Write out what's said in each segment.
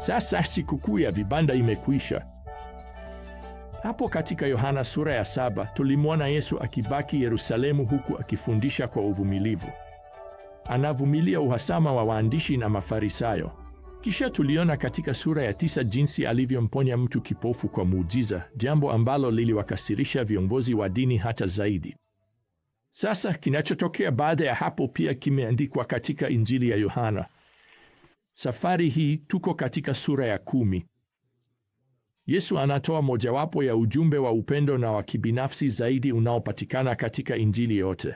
Sasa sikukuu ya vibanda imekwisha. Hapo katika Yohana sura ya saba tulimwona Yesu akibaki Yerusalemu huku akifundisha kwa uvumilivu. Anavumilia uhasama wa waandishi na Mafarisayo. Kisha tuliona katika sura ya tisa jinsi alivyomponya mtu kipofu kwa muujiza, jambo ambalo liliwakasirisha viongozi wa dini hata zaidi. Sasa kinachotokea baada ya hapo pia kimeandikwa katika Injili ya Yohana. Safari hii tuko katika sura ya kumi. Yesu anatoa mojawapo ya ujumbe wa upendo na wa kibinafsi zaidi unaopatikana katika Injili yote.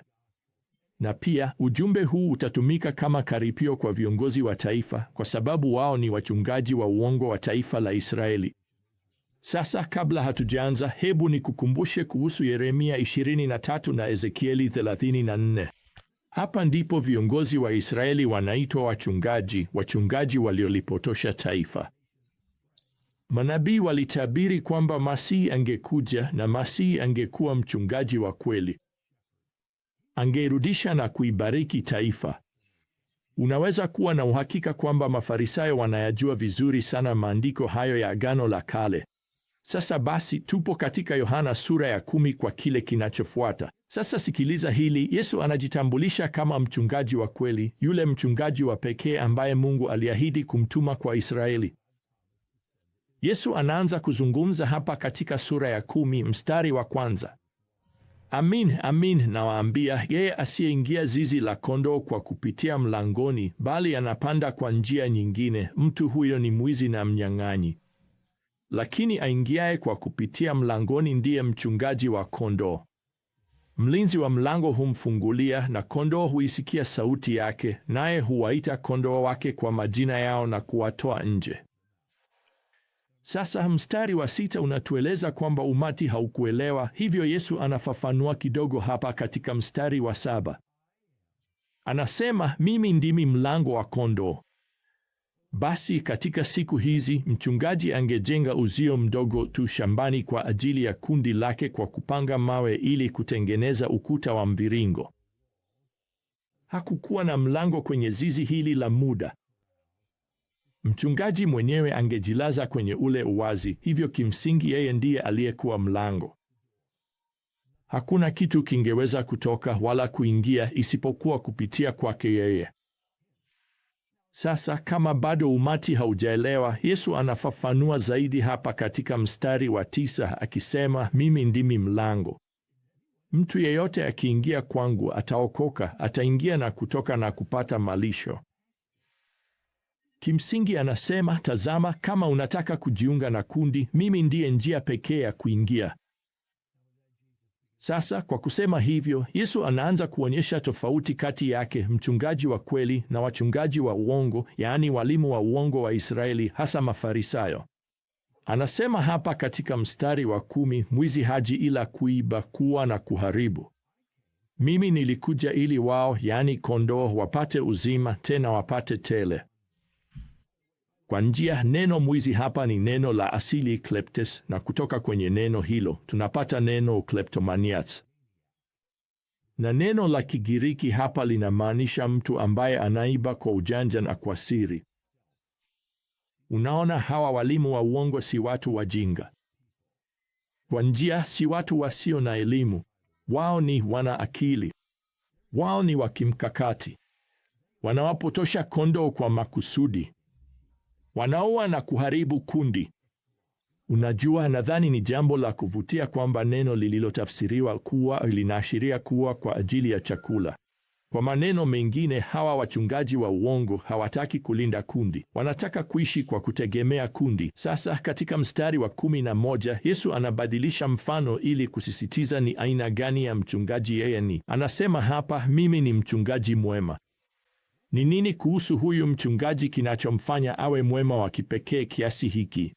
Na pia ujumbe huu utatumika kama karipio kwa viongozi wa taifa kwa sababu wao ni wachungaji wa uongo wa taifa la Israeli. Sasa kabla hatujaanza, hebu nikukumbushe kuhusu Yeremia 23 na Ezekieli 34. Hapa ndipo viongozi wa Israeli wanaitwa wachungaji, wachungaji waliolipotosha taifa. Manabii walitabiri kwamba Masihi angekuja na Masihi angekuwa mchungaji wa kweli, angeirudisha na kuibariki taifa. Unaweza kuwa na uhakika kwamba Mafarisayo wanayajua vizuri sana maandiko hayo ya Agano la Kale. Sasa basi, tupo katika Yohana sura ya kumi kwa kile kinachofuata. Sasa sikiliza hili. Yesu anajitambulisha kama mchungaji wa kweli, yule mchungaji wa pekee ambaye Mungu aliahidi kumtuma kwa Israeli. Yesu anaanza kuzungumza hapa katika sura ya kumi mstari wa kwanza. Amin, amin nawaambia, yeye asiyeingia zizi la kondoo kwa kupitia mlangoni, bali anapanda kwa njia nyingine, mtu huyo ni mwizi na mnyang'anyi. Lakini aingiaye kwa kupitia mlangoni ndiye mchungaji wa kondoo. Mlinzi wa mlango humfungulia na kondoo huisikia sauti yake, naye huwaita kondoo wake kwa majina yao na kuwatoa nje. Sasa mstari wa sita unatueleza kwamba umati haukuelewa, hivyo Yesu anafafanua kidogo hapa katika mstari wa saba. Anasema, mimi ndimi mlango wa kondoo. Basi katika siku hizi mchungaji angejenga uzio mdogo tu shambani kwa ajili ya kundi lake kwa kupanga mawe ili kutengeneza ukuta wa mviringo. Hakukuwa na mlango kwenye zizi hili la muda. Mchungaji mwenyewe angejilaza kwenye ule uwazi, hivyo kimsingi yeye ndiye aliyekuwa mlango. Hakuna kitu kingeweza kutoka wala kuingia isipokuwa kupitia kwake yeye. Sasa kama bado umati haujaelewa, Yesu anafafanua zaidi hapa katika mstari wa tisa akisema, mimi ndimi mlango, mtu yeyote akiingia kwangu ataokoka, ataingia na kutoka na kupata malisho. Kimsingi anasema, tazama, kama unataka kujiunga na kundi, mimi ndiye njia pekee ya kuingia. Sasa kwa kusema hivyo, Yesu anaanza kuonyesha tofauti kati yake mchungaji wa kweli na wachungaji wa uongo, yaani walimu wa uongo wa Israeli, hasa Mafarisayo. Anasema hapa katika mstari wa kumi, mwizi haji ila kuiba, kuua na kuharibu. Mimi nilikuja ili wao, yaani kondoo, wapate uzima, tena wapate tele. Kwa njia, neno mwizi hapa ni neno la asili kleptes, na kutoka kwenye neno hilo tunapata neno kleptomanias, na neno la Kigiriki hapa linamaanisha mtu ambaye anaiba kwa ujanja na kwa siri. Unaona, hawa walimu wa uongo si watu wajinga, kwa njia, si watu wasio na elimu. Wao ni wana akili, wao ni wa kimkakati, wanawapotosha kondoo kwa makusudi wanaoa na kuharibu kundi. Unajua, nadhani ni jambo la kuvutia kwamba neno lililotafsiriwa kuwa linaashiria kuwa kwa ajili ya chakula. Kwa maneno mengine, hawa wachungaji wa uongo hawataki kulinda kundi, wanataka kuishi kwa kutegemea kundi. Sasa katika mstari wa kumi na moja Yesu anabadilisha mfano ili kusisitiza ni aina gani ya mchungaji yeye ni. Anasema hapa, mimi ni mchungaji mwema, ni nini kuhusu huyu mchungaji kinachomfanya awe mwema wa kipekee kiasi hiki?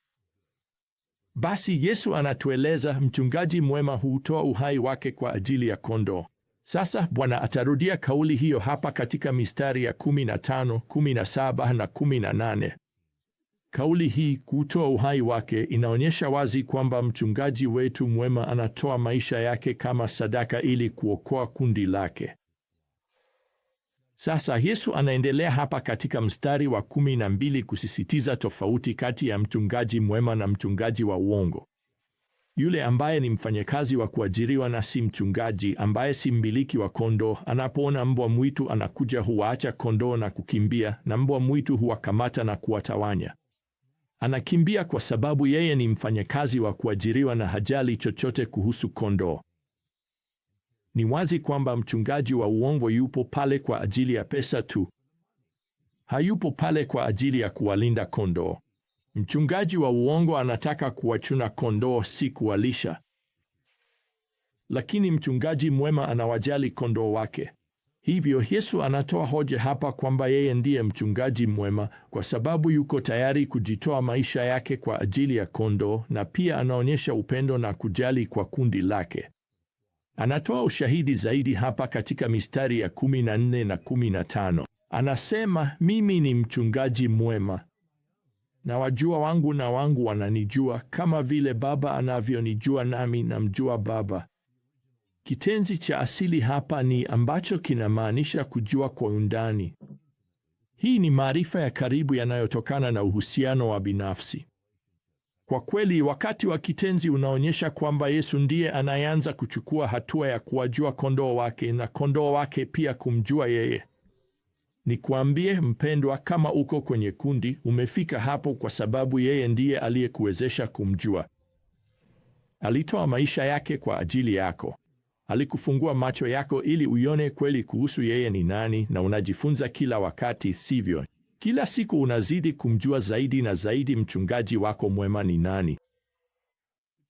Basi Yesu anatueleza mchungaji mwema huutoa uhai wake kwa ajili ya kondoo. Sasa Bwana atarudia kauli hiyo hapa katika mistari ya 15, 17 na 18. Kauli hii kutoa uhai wake inaonyesha wazi kwamba mchungaji wetu mwema anatoa maisha yake kama sadaka ili kuokoa kundi lake. Sasa Yesu anaendelea hapa katika mstari wa kumi na mbili kusisitiza tofauti kati ya mchungaji mwema na mchungaji wa uongo, yule ambaye ni mfanyakazi wa kuajiriwa na si mchungaji, ambaye si mmiliki wa kondoo. Anapoona mbwa mwitu anakuja, huwaacha kondoo na kukimbia, na mbwa mwitu huwakamata na kuwatawanya. Anakimbia kwa sababu yeye ni mfanyakazi wa kuajiriwa na hajali chochote kuhusu kondoo. Ni wazi kwamba mchungaji wa uongo yupo pale kwa ajili ya pesa tu. Hayupo pale kwa ajili ya kuwalinda kondoo. Mchungaji wa uongo anataka kuwachuna kondoo, si kuwalisha. Lakini mchungaji mwema anawajali kondoo wake. Hivyo Yesu anatoa hoja hapa kwamba yeye ndiye mchungaji mwema kwa sababu yuko tayari kujitoa maisha yake kwa ajili ya kondoo na pia anaonyesha upendo na kujali kwa kundi lake. Anatoa ushahidi zaidi hapa katika mistari ya 14 na 15. Anasema, mimi ni mchungaji mwema, na wajua wangu na wangu wananijua, kama vile Baba anavyonijua nami namjua Baba. Kitenzi cha asili hapa ni ambacho kinamaanisha kujua kwa undani. Hii ni maarifa ya karibu yanayotokana na uhusiano wa binafsi. Kwa kweli, wakati wa kitenzi unaonyesha kwamba Yesu ndiye anayeanza kuchukua hatua ya kuwajua kondoo wake na kondoo wake pia kumjua yeye. Nikwambie mpendwa, kama uko kwenye kundi, umefika hapo kwa sababu yeye ndiye aliyekuwezesha kumjua. Alitoa maisha yake kwa ajili yako. Alikufungua macho yako ili uione kweli kuhusu yeye ni nani, na unajifunza kila wakati, sivyo? Kila siku unazidi kumjua zaidi na zaidi mchungaji wako mwema ni nani.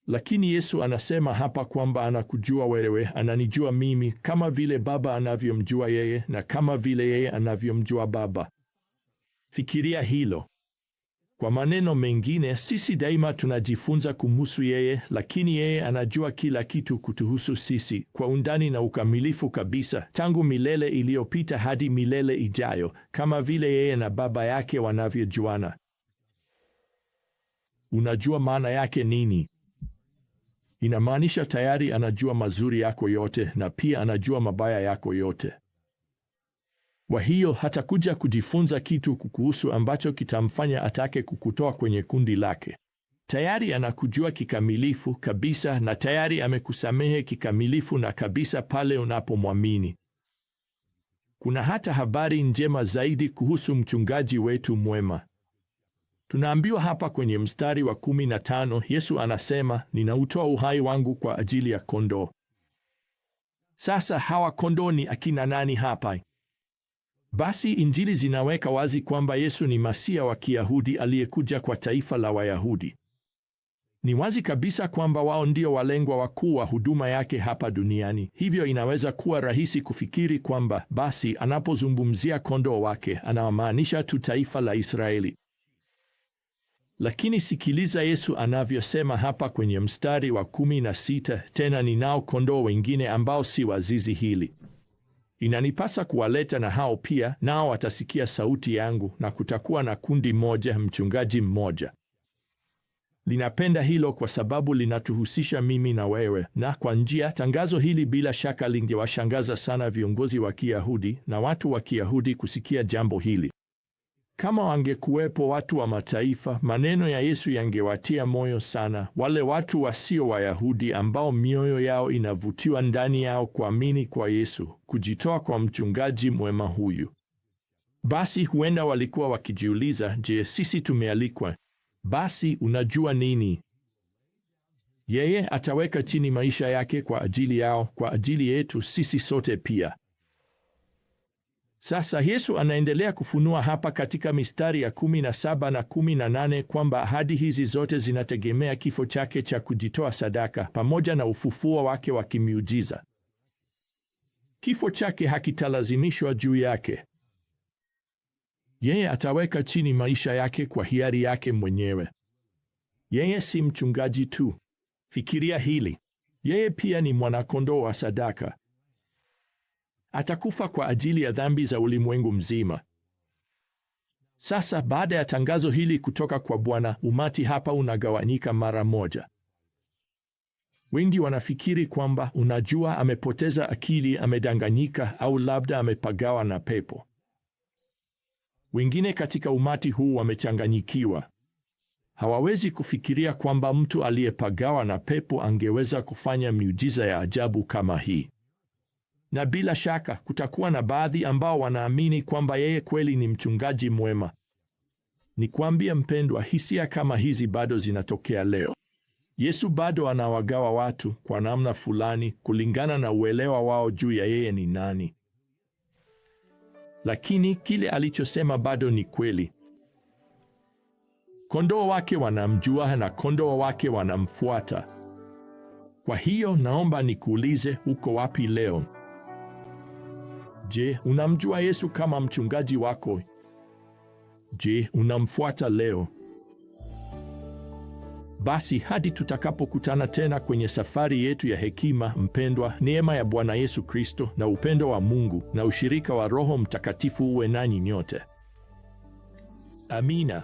Lakini Yesu anasema hapa kwamba anakujua wewe, ananijua mimi, kama vile Baba anavyomjua yeye na kama vile yeye anavyomjua Baba. Fikiria hilo. Kwa maneno mengine, sisi daima tunajifunza kumhusu yeye, lakini yeye anajua kila kitu kutuhusu sisi kwa undani na ukamilifu kabisa, tangu milele iliyopita hadi milele ijayo, kama vile yeye na Baba yake wanavyojuana. Unajua maana yake nini? Inamaanisha tayari anajua mazuri yako yote na pia anajua mabaya yako yote. Kwa hiyo hatakuja kujifunza kitu kukuhusu ambacho kitamfanya atake kukutoa kwenye kundi lake. Tayari anakujua kikamilifu kabisa na tayari amekusamehe kikamilifu na kabisa pale unapomwamini. Kuna hata habari njema zaidi kuhusu mchungaji wetu mwema. Tunaambiwa hapa kwenye mstari wa kumi na tano Yesu anasema, ninautoa uhai wangu kwa ajili ya kondoo. Sasa hawa kondoo ni akina nani hapa? Basi Injili zinaweka wazi kwamba Yesu ni Masia wa Kiyahudi aliyekuja kwa taifa la Wayahudi. Ni wazi kabisa kwamba wao ndio walengwa wakuu wa huduma yake hapa duniani. Hivyo inaweza kuwa rahisi kufikiri kwamba basi anapozungumzia kondoo wake anawamaanisha tu taifa la Israeli. Lakini sikiliza Yesu anavyosema hapa kwenye mstari wa kumi na sita: tena ninao kondoo wengine ambao si wa zizi hili, Inanipasa kuwaleta na hao pia, nao watasikia sauti yangu, na kutakuwa na kundi moja, mchungaji mmoja. Linapenda hilo kwa sababu linatuhusisha mimi na wewe, na kwa njia, tangazo hili bila shaka lingewashangaza sana viongozi wa Kiyahudi na watu wa Kiyahudi kusikia jambo hili. Kama wangekuwepo watu wa mataifa, maneno ya Yesu yangewatia moyo sana wale watu wasio Wayahudi ambao mioyo yao inavutiwa ndani yao kuamini kwa Yesu, kujitoa kwa mchungaji mwema huyu. Basi huenda walikuwa wakijiuliza, je, sisi tumealikwa? Basi unajua nini? Yeye ataweka chini maisha yake kwa ajili yao, kwa ajili yetu sisi sote pia. Sasa Yesu anaendelea kufunua hapa katika mistari ya 17 na 18 kwamba ahadi hizi zote zinategemea kifo chake cha kujitoa sadaka pamoja na ufufuo wake wa kimiujiza. Kifo chake hakitalazimishwa juu yake. Yeye ataweka chini maisha yake kwa hiari yake mwenyewe. Yeye si mchungaji tu. Fikiria hili. Yeye pia ni mwanakondoo wa sadaka atakufa kwa ajili ya dhambi za ulimwengu mzima. Sasa baada ya tangazo hili kutoka kwa Bwana, umati hapa unagawanyika mara moja. Wengi wanafikiri kwamba unajua, amepoteza akili, amedanganyika, au labda amepagawa na pepo. Wengine katika umati huu wamechanganyikiwa. Hawawezi kufikiria kwamba mtu aliyepagawa na pepo angeweza kufanya miujiza ya ajabu kama hii na bila shaka kutakuwa na baadhi ambao wanaamini kwamba yeye kweli ni mchungaji mwema. Nikwambie mpendwa, hisia kama hizi bado zinatokea leo. Yesu bado anawagawa watu kwa namna fulani kulingana na uelewa wao juu ya yeye ni nani, lakini kile alichosema bado ni kweli. Kondoo wake wanamjua na kondoo wake wanamfuata. Kwa hiyo naomba nikuulize, uko wapi leo? Je, unamjua Yesu kama mchungaji wako? Je, unamfuata leo? Basi hadi tutakapokutana tena kwenye safari yetu ya hekima, mpendwa, neema ya Bwana Yesu Kristo na upendo wa Mungu na ushirika wa Roho Mtakatifu uwe nanyi nyote. Amina.